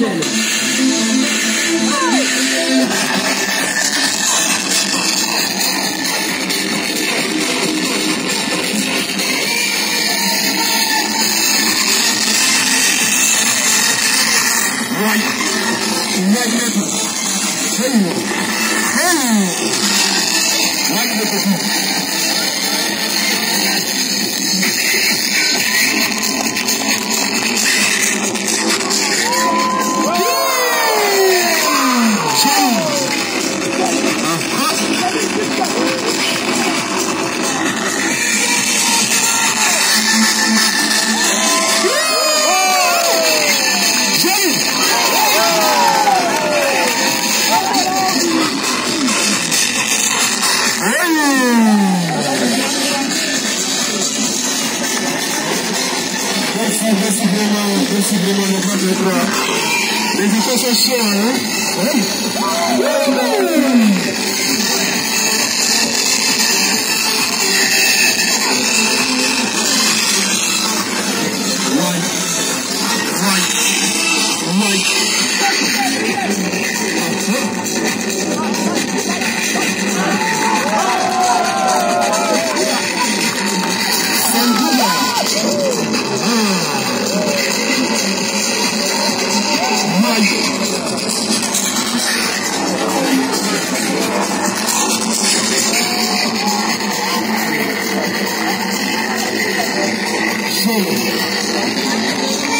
Right. Magnetic. Hey. Hey. suffisamment, suffisamment le bras de Les sont chers, hein? hein? Thank you.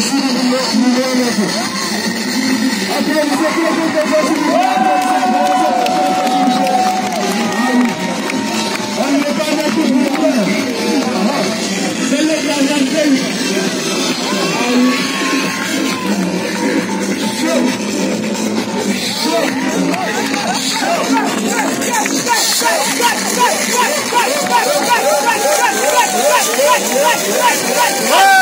filho do meu filho, Aquele que não tem voz de Let's go!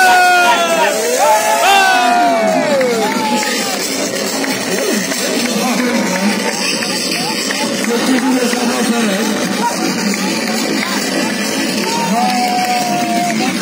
Yes.